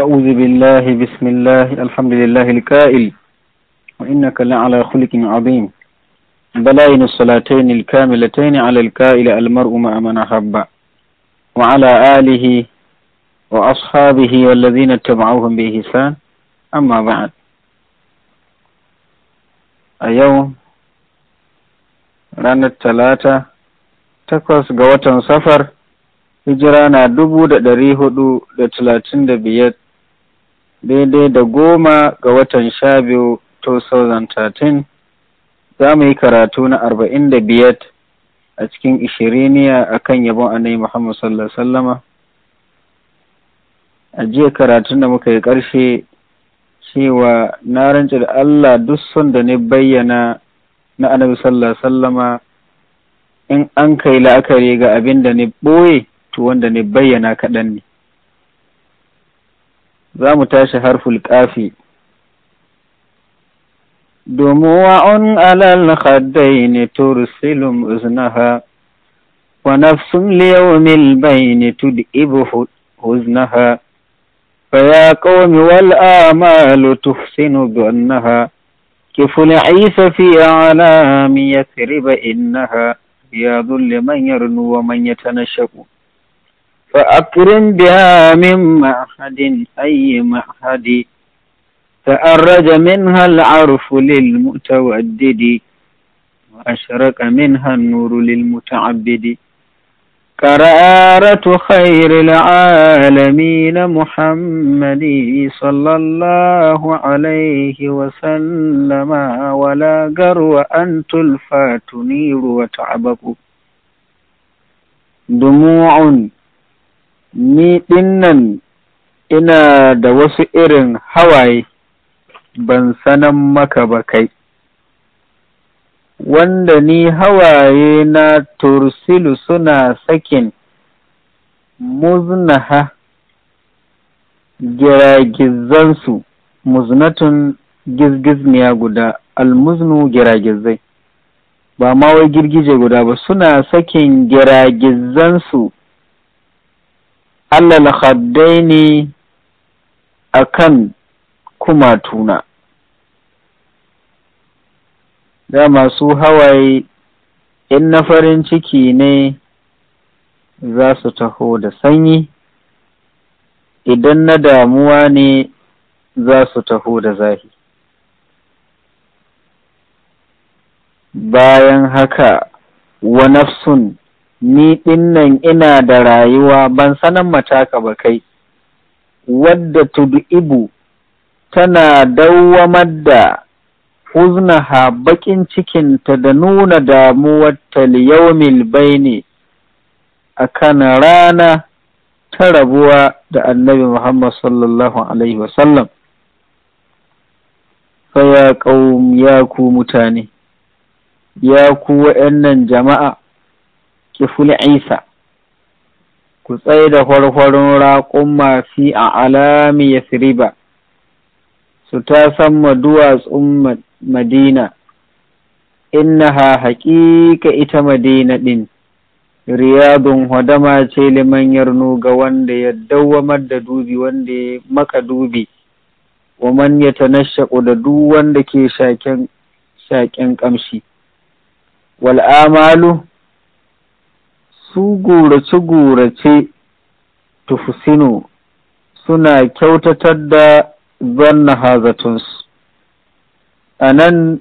أعوذ بالله بسم الله الحمد لله الكائل وإنك لعلى خلق عظيم بلاين الصلاتين الكاملتين على الكائل المرء مع من أحب وعلى آله وأصحابه والذين اتبعوهم بإحسان أما بعد اليوم ranar talata takwas ga watan safar hijira na dubu da ɗari hudu da talatin da biyar daidai da goma ga watan sha biyu 2013 za mu yi karatu na arba'in a cikin ishiriniya a kan yabon annabi Muhammad sallallahu sallama a jiya karatun da muka yi ƙarshe cewa na rance da Allah duk sun da ne bayyana na annabi sallallahu sallama in an kai la'akari ga abin da ne ɓoye to wanda ne bayyana kaɗan ne za mu tashi harful ƙafi. Dumuwa’un alal haddai ne tursilun uznaha, wa nafsun liyaumil bayni tud'ibu uznaha, Ba ya ƙomi wal’amalu tuhsinu gannaha, ki fula isa fi alami ya tsiriba innaha, ya zulle manyan ruwa, manya tana shaku. فأكرم بها من معهد أي معهد تأرج منها العرف للمتودد وأشرق منها النور للمتعبد كرارة خير العالمين محمد صلى الله عليه وسلم ولا جرو أن تلفى تنير وتعبق دموع ni dinnan ina da wasu irin hawaye ban sanan maka ba kai wanda ni hawaye na tursilu suna sakin muznaha giragizansu muznatun gizgizniya guda almuznu giragizai ba ma wai girgije guda ba suna sakin giragizansu ne a kan kumatuna da masu hawaye in na farin ciki ne za su taho da sanyi idan na damuwa ne za su taho da zafi bayan haka wa nafsun ni ɗinnan ina da rayuwa ban sanan mataka ba kai wadda tud'ibu tana dawwamar da huznaha baƙin cikinta da nuna damuwarta liyaumil baini a kan rana ta rabuwa da annabi Muhammad sallallahu Alaihi wasallam. Faya ya ku mutane, ya ku wa'yannan jama'a, kiful isa ku tsaye da kwarkwarin raƙumma fi a alami ba su ta samma duwatsun madina innaha haƙiƙa ita madina ɗin riyadun hadama ce liman yarnu ga wanda ya dawwamar da dubi wanda ya maka dubi wa man ya tanashaƙu da duk wanda ke shaƙen ƙamshi wal'amalu su gurace-gurace tufusino suna kyautatar da zanna hazatunsu a nan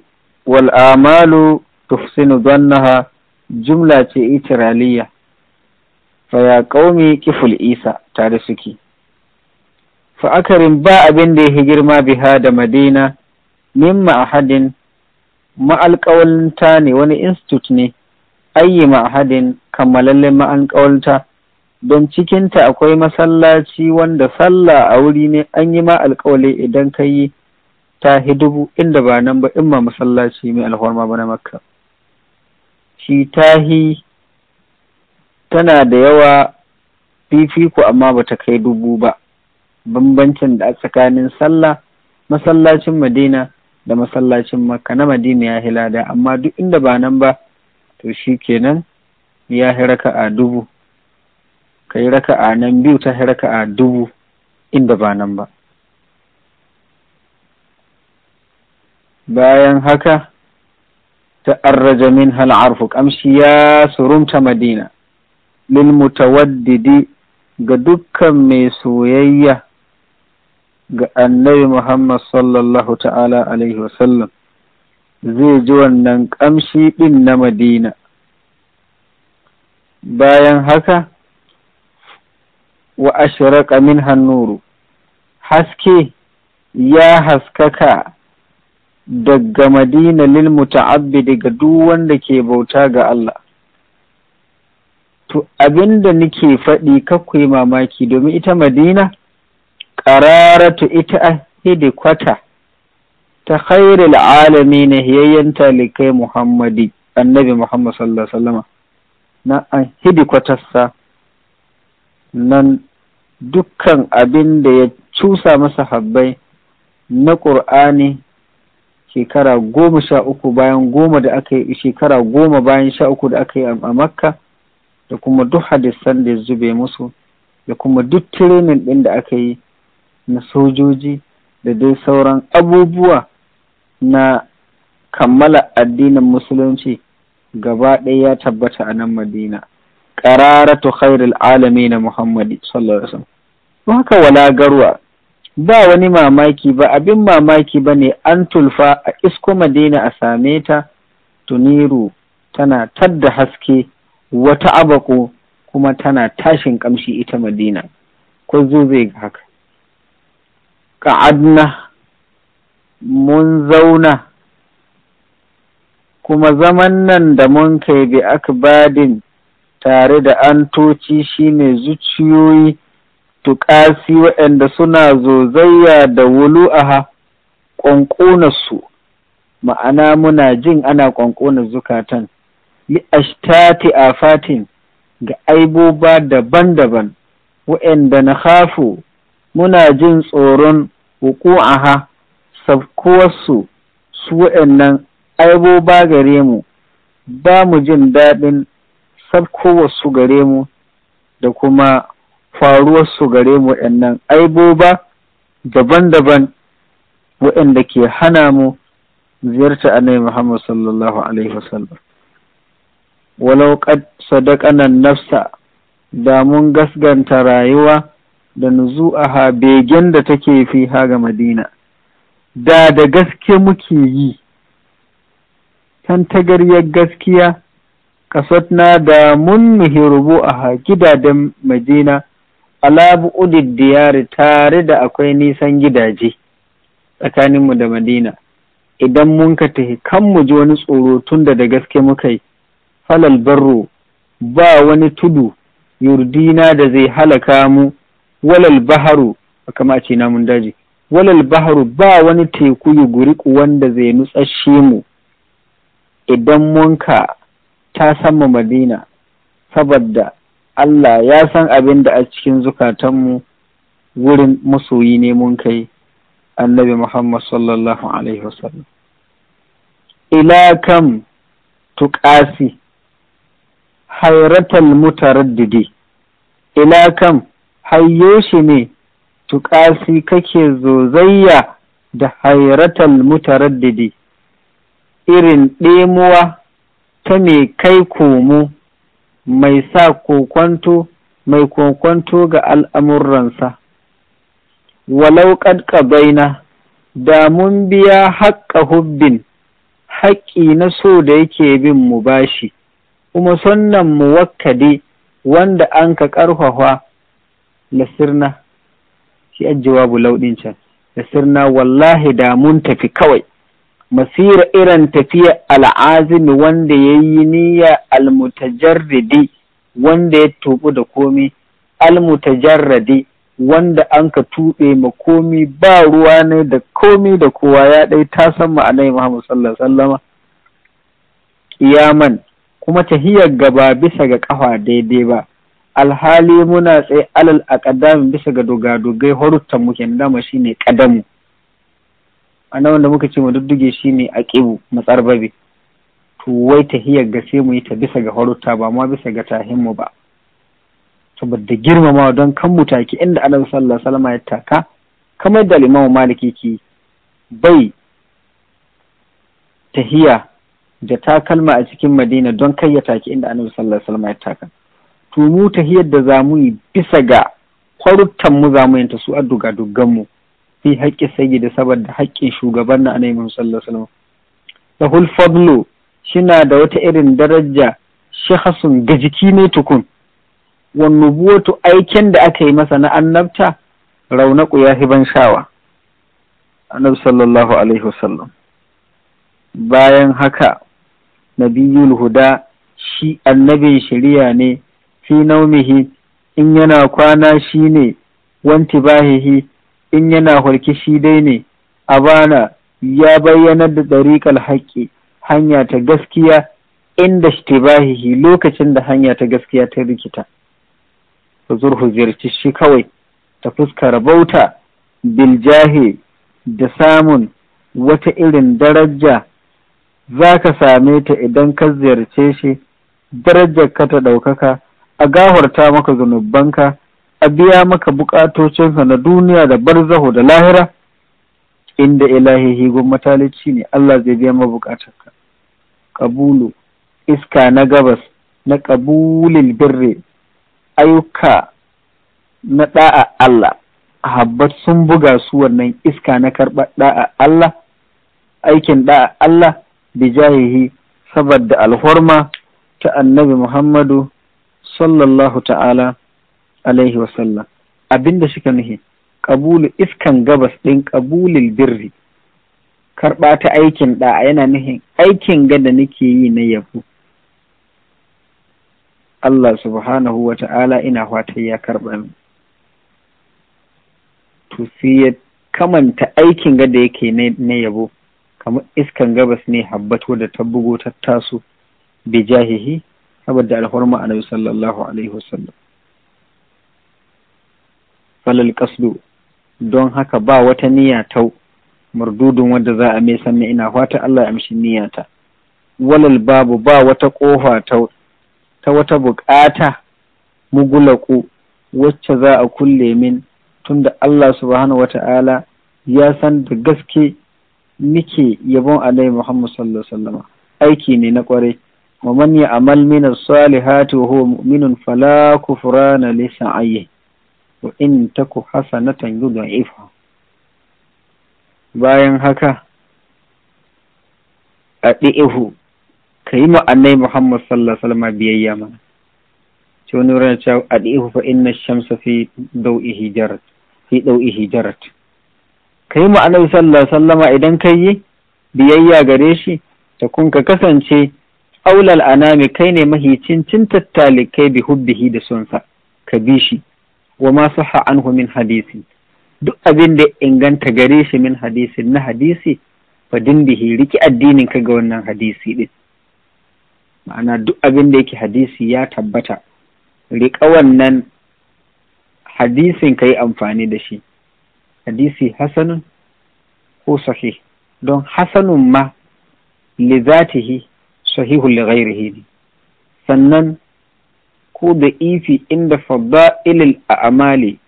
wal'amalu zanna zannaha jumla ce itiraliya faya ƙaumi kiful isa tare suke fa'akarin ba abin da ya girma biha da madina min ma'ahadin ma'alƙawalinta ne wani institut ne ayyi ma'hadin kammalallen ma'anƙawarta don cikinta akwai masallaci wanda sallah a wuri ne an yi ma alƙawali idan ka yi ta dubu inda ba nan ba in ma masallaci mai alhorma ba na makka shi tahi tana da yawa fifiko amma ba ta kai dubu ba bambancin da a tsakanin sallah masallacin madina da masallacin makka na madina ya hilada amma duk inda ba nan ba to shi kenan ya yi raka'a dubu ka yi raka'a nan biyu ta yi raka'a dubu inda ba nan ba bayan haka ta arraja min hal'arfu kamshi ya surumta madina lil mutawaddidi ga dukkan mai soyayya ga annabi muhammad sallallahu ta'ala alaihi wasallam zai ji wannan ƙamshi ɗin na madina bayan haka wa ashraqa min hannuru haske ya haskaka daga madina lil muta'abbidi daga duk wanda ke bauta ga Allah to abinda nike faɗi kakwai mamaki domin ita madina ƙararatu ita a kwata ta khairil na hiyayyen talikai muhammadi annabi muhammad sallallahu alaihi wasallama na an hidi kwatarsa nan dukkan abin da ya cusa masa habbai na ƙur'ani shekara goma sha uku bayan goma da aka yi shekara goma bayan sha uku da aka yi a makka da kuma duk hadisan da ya zube musu da kuma duk tirinin ɗin da aka yi na sojoji da dai sauran abubuwa na kammala addinin musulunci gaba ɗaya ya tabbata a nan madina ƙarara qararatu khairul na muhammadi sallallahu alaihi haka wala garwa ba wani mamaki ba abin mamaki ba ne an tulfa a isko madina a same ta tuniru tana tadda haske wata abako kuma tana tashin kamshi ita madina ko zo zai ga haka ka'adna mun zauna kuma zaman nan da mun kai bi akbadin tare da antoci shine zuciyoyi tuƙasi waɗanda suna zozayya da wulu'aha su, ma'ana muna jin ana ƙwanƙonar zukatan li ashtati afatin ga aiboba daban-daban waɗanda na hafu muna jin tsoron huku'aha saukowarsu su waɗannan aibo ba gare mu ba mu jin daɗin sabkowarsu gare mu da kuma faruwarsu gare mu waɗannan aibo ba daban-daban waɗanda ke hana mu ziyarta annabi Muhammad sallallahu alaihi wasallam walau qad sadaqanan nafsa da mun gasganta rayuwa da nuzu'aha begen da take fi ha ga Madina da da gaske muke yi tantagaryar gaskiya na da mun nuhi a haƙi da majina alabu diyari tare da akwai nisan gidaje tsakaninmu da madina idan mun ka tafi kan mu ji wani tsoro tun da da gaske muka yi falal barro ba wani tudu yurdina da zai halaka mu walal baharu a ce namun daji walal baharu ba wani teku yuguriku wanda zai nutsashe mu idan munka ta sama madina saboda Allah ya san abin da a cikin zukatanmu wurin masoyi ne mun kai annabi Muhammad sallallahu Alaihi wasallam. Ila kam tuƙasi hairatal mutaraddidi ila kam hayyoshi shi ne tuƙasi kake zozayya da hairatal mutaraddidi irin ɗemuwa ta mai kai komo mai sa kokwanto mai kokwanto ga al'amuransa walau ƙadƙabaina da mun biya haƙƙa hubbin haƙƙi na so da yake bin mu bashi kuma sannan mu wakkade wanda an ka ƙarfafa lasirna shi a jawabu lauɗin can da sirna wallahi da mun tafi kawai masira irin tafiya al'azimi wanda ya yi niyya almutajarridi wanda ya tuɓi da komi almutajarradi wanda an ka tuɓe ma komi ba ruwa ne da komi da kowa ya ɗai ta san ma'anai muhammadu sallallahu sallama kiyaman kuma tahiyar gaba bisa ga ƙafa daidai ba alhali muna tsaye alal a ƙaddamin bisa ga dogadogai horuttan mu kenan dama shine A ana wanda muka ce mu dudduge shine aqibu matsarbabe to wai hiyar ga sai mu yi ta bisa ga horutta ba ma bisa ga tahin mu ba saboda girmama don kan mu take inda annabi sallallahu alaihi wasallam ya taka kamar da Imam Maliki ki bai tahiya da takalma a cikin Madina don kai ya take inda annabi sallallahu alaihi wasallam ya taka to mu tahiyar da za mu yi bisa ga kwarutan mu za mu yanta su a dugadugan mu fi haƙƙi sabar saboda haƙƙin shugaban na annabi sallallahu alaihi wasallam lahul fadlu shina da wata irin daraja shahasun ga jiki ne tukun Wannu buwatu aiken da aka yi masa na annabta raunaku ya fi hiban shawa annabi sallallahu alaihi wasallam bayan haka nabiyul huda shi annabin shari'a ne fi naumihi in yana kwana shi ne wanti bahihi in yana hulki shi dai ne a bana ya bayyana da ɗarikar haƙƙi hanya ta gaskiya inda shi lokacin da hanya ta gaskiya ta rikita zurhu ziyarci shi kawai ta fuskar bauta biljahi da samun wata irin daraja za ka same ta idan ka ziyarce shi darajar ka ta ɗaukaka a gawarta maka zunubanka a biya maka bukatocinka na duniya da barzaho da lahira inda ilahihi matalici ne Allah zai biya bukatarka kabulu iska na gabas na kabulin birri ayyuka na da'a Allah habbat sun buga su wannan iska na karɓar da'a Allah aikin da'a Allah bijahihi saboda alhorma ta annabi Muhammadu sallallahu ta'ala alaihi wasallam abinda suka nuhi ƙabulu iskan gabas ɗin ƙabulil birri karɓa ta aikin ɗa yana nuhin aikin ga da nake yi na yabo Allah subhanahu wa ta'ala ina fatan ya karɓa min to sai ya kamanta aikin ga da yake na yabo kamar iskan gabas ne habbato da ta bugo ta taso bijahihi saboda alhurma ma'anar sallallahu alaihi wasallam falal kasdu don haka ba wata niyya tau mardudun wanda za a mai sanna ina fata Allah ya amshi niyyata walal babu ba wata kofa tau ta wata bukata mugulaku wacce za a kulle min tunda Allah subhanahu wata'ala ya san da gaske nike yabon alai Muhammad sallallahu alaihi wasallama aiki ne na kwarai ومن يعمل من الصالحات وهو مؤمن فلا كفران لسعيه وإن تك حسنة يضعفها bayan haka a ɗi'ihu ka yi ma'annai Muhammad sallallahu Alaihi biyayya mana ce wani wurin cewa a ɗi'ihu fa inna shamsa fi dau'i hijarat fi ɗau'i hijarat ka yi ma'annai sallallahu Alaihi idan ka yi biyayya gare shi ta kun ka kasance aulal anami kai ne mahicin cin tattalikai bi hubbihi da sonsa ka bi shi wa ma sahha min hadisi duk abin da inganta gare shi min hadisi na hadisi fa dindihi riki addinin ka ga wannan hadisi din ma'ana duk abin da yake hadisi ya tabbata riƙa wannan hadisin ka yi amfani da shi hadisi hasanun ko sahih don hasanun ma li zatihi sahihu li ghairihi sannan ko da ifi inda amali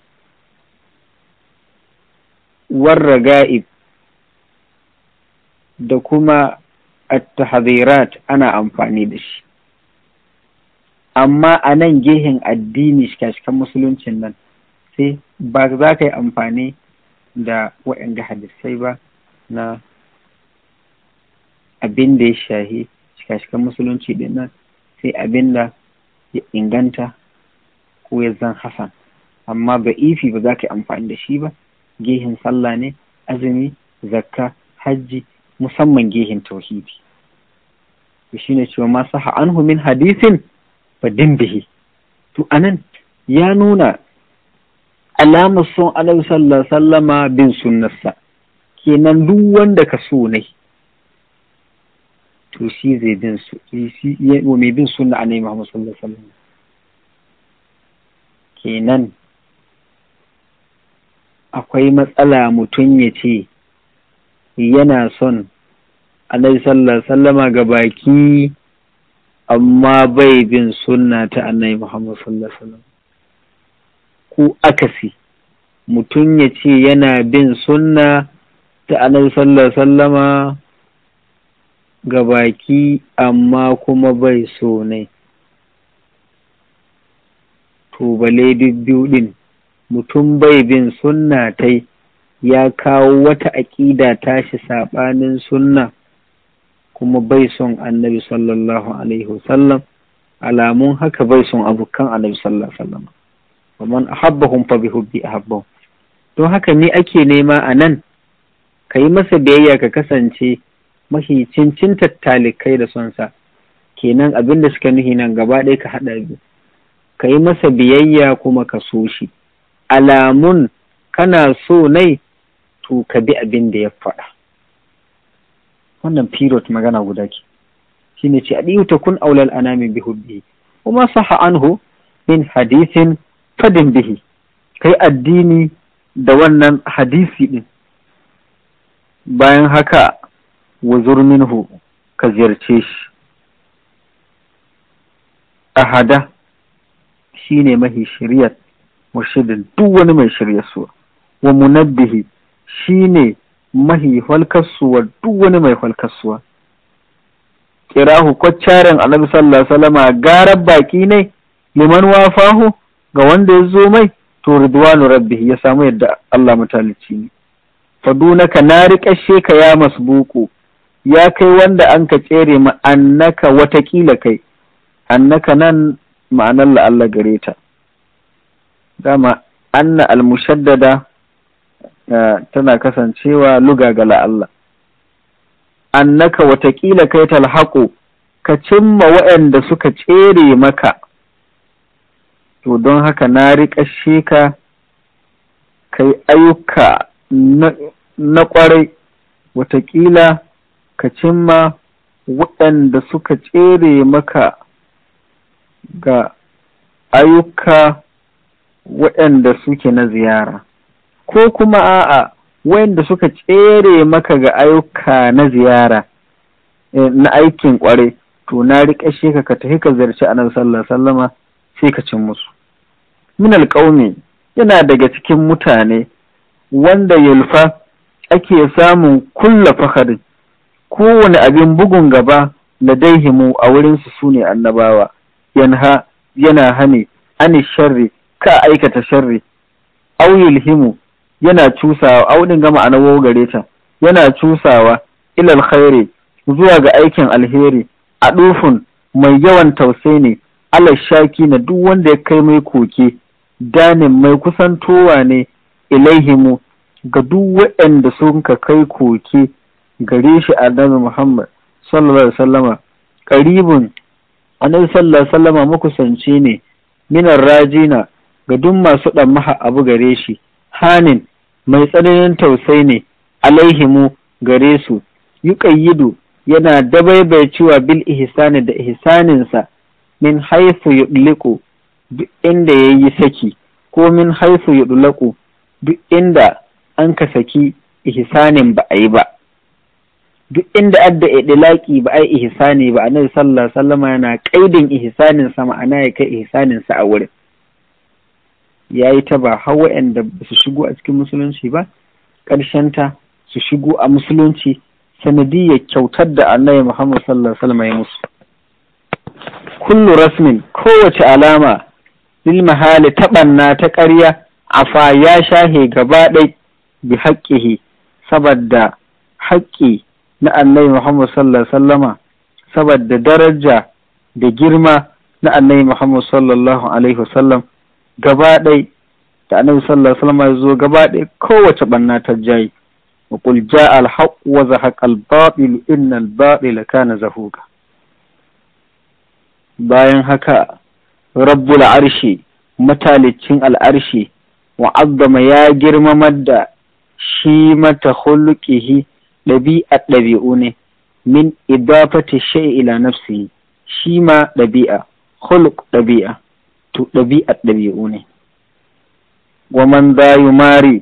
warra ga'ib da kuma at tahdhirat ana amfani da shi amma a nan gehen addini shikashikan musuluncin nan sai ba za ka yi amfani da waɗanda hadisai ba na abin da ya shahi shashikan musulunci din nan sai abin da ya inganta ko ya zan hasan amma ba ifi ba za ka yi amfani da shi ba gehin sallah ne azumi zakka hajji musamman gehin tauhidi to shine cewa ma saha anhu min hadisin fa bihi to anan ya nuna alamar son alaihi sallallahu sallama bin sunnarsa kenan duk wanda ka so ne to shi zai bin su wa mai bin sunna annabi Muhammad sallallahu alaihi kenan akwai matsala mutum ya ce yana son annabi sallallahu sallama ga baki amma bai bin sunna ta annabi Muhammad sallallahu sallam ko akasi mutum ya ce yana bin sunna ta annabi sallallahu sallama ga baki amma kuma bai so ne To bale biyu mutum bai bin sunna tai ya kawo wata aƙida tashi saɓanin sunna kuma bai son annabi sallallahu alaihi wasallam alamun haka bai son abokan annabi sallallahu alaihi wasallam. Waman ahabbahum fa bihubbi ahabbahum. Don haka ne ake nema a nan, ka yi masa biyayya ka kasance mahi cincinta talikai da sonsa kenan abin da suka nuhi nan gaba ɗaya ka haɗa biyu ka yi masa biyayya kuma ka so shi alamun kana so nai to ka bi abin da ya faɗa wannan period magana guda ke ne ce adiyu ta kun aulal anami bi hubbi kuma saha anhu min hadisin fadin bihi kai addini da wannan hadisi ɗin bayan haka wuzur minhu ka ziyarce shi ahada shi ne mahi shiryar murshidin duk wani mai suwa, wa munabbihi ne mahi suwa duk wani mai suwa kirahu kwaccaren annabi sallallahu alaihi salama. garar baki ne liman wafahu ga wanda ya zo mai to ridwanu rabbihi ya samu yadda Allah mutalici ne fadunaka na riƙashe ka ya masbuku ya kai wanda an ka tsere ma annaka watakila kai annaka nan ma'anar la'alla gare ta dama anna almushaddada eh, tana kasancewa luga ga la'alla annaka watakila kai talhaƙo ka cimma waɗanda suka tsere maka to don haka na riƙashe ka kai ayyuka na ƙwarai watakila ka cimma waɗanda suka tsere maka ga ayyuka waɗanda suke na ziyara ko kuma a'a waɗanda suka tsere maka ga ayyuka na ziyara eh, na aikin ƙware to na shi ka ka tafi ka zarci anan sallallahu alaihi sai ka cin musu min alƙaumi yana daga cikin mutane wanda yulfa ake samun kulla fakarin kowane abin bugun gaba na daihimu a wurinsu su ne annabawa yanha yana hane ani sharri ka aikata sharri auyul Himu yana cusawa auɗin gama a gare ta yana cusawa ilal khairi zuwa ga aikin alheri a ɗofin mai yawan tausai ne ala shaki na duk wanda ya kai mai koke danin mai kusantowa ne ilaihimu ga duk waɗanda sun ka kai koke gare shi annabi Muhammad sallallahu alaihi wasallama qaribun annabi sallallahu alaihi wasallama makusanci ne minar rajina ga duk masu dan maha abu gare shi hanin mai tsananin tausai ne alaihimu gare su yana yana cewa bil ihsani da ihsaninsa min haifu yudliku duk inda yayi saki ko min haifu yudlaku duk inda an ka saki ihsanin ba a yi ba duk inda adda laƙi ba a yi ihsani ba annabi sallallahu alaihi wasallam yana kaidin ihsanin sa ma'ana ya kai ihsanin sa a wurin yayi ta ba har waɗanda ba su shigo a cikin musulunci ba ƙarshen ta su shigo a musulunci sanadiyya kyautar da annabi Muhammad sallallahu alaihi wasallam ya musu kullu rasmin kowace alama lil mahali taɓanna ta ƙarya afa ya shahe gaba ɗai bi haƙƙihi saboda haƙƙi na annabi Muhammad sallallahu alaihi wasallama saboda daraja da girma na annabi Muhammad sallallahu alaihi wasallam gaba ɗai da annabi sallallahu alaihi wasallama zo gaba ɗai kowace banna ta jayi wa qul jaa al haqq wa zahaqa al batil inna al batil kana zahuqa bayan haka rabbul arshi matalicin al'arshi wa azzama ya girmamar da shi mata hulƙihi ɗabi'a ɗabi'u ne min idafati shay'i ila nafsi shi ma ɗabi'a khuluq ɗabi'a to ɗabi'a ɗabi'u ne wa man da yumari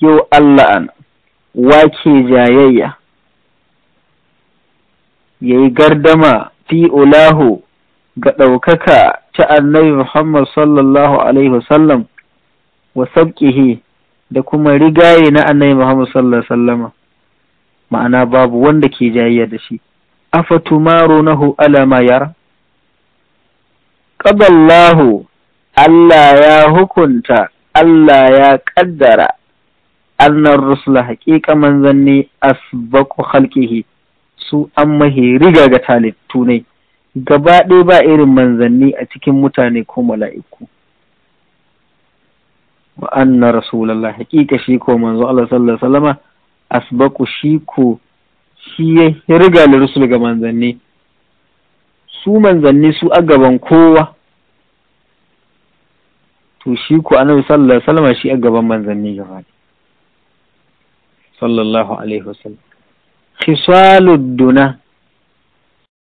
yau Allah an wake jayayya yayi gardama fi ulahu ga ɗaukaka ta annabi Muhammad sallallahu alaihi wasallam wa sabqihi da kuma rigaye na annabi Muhammad sallallahu alaihi wasallama ma'ana babu wanda ke jayayya da shi afatumarunahu ala ma yara qadallahu Allah ya hukunta Allah ya kaddara annar rusula haƙiƙa manzanni asbaku khalqihi su an mahi riga ga talittu ne gaba ɗaya ba irin manzanni a cikin mutane ko mala'iku wa anna rasulullah hakika shi ko manzo Allah sallallahu alaihi wasallam asbaqu shi ko shi ya riga da rusul ga manzanni su manzanni su a gaban kowa to shi ko annabi sallallahu alaihi wasallam shi a gaban manzanni gaba sallallahu alaihi wasallam khisalud duna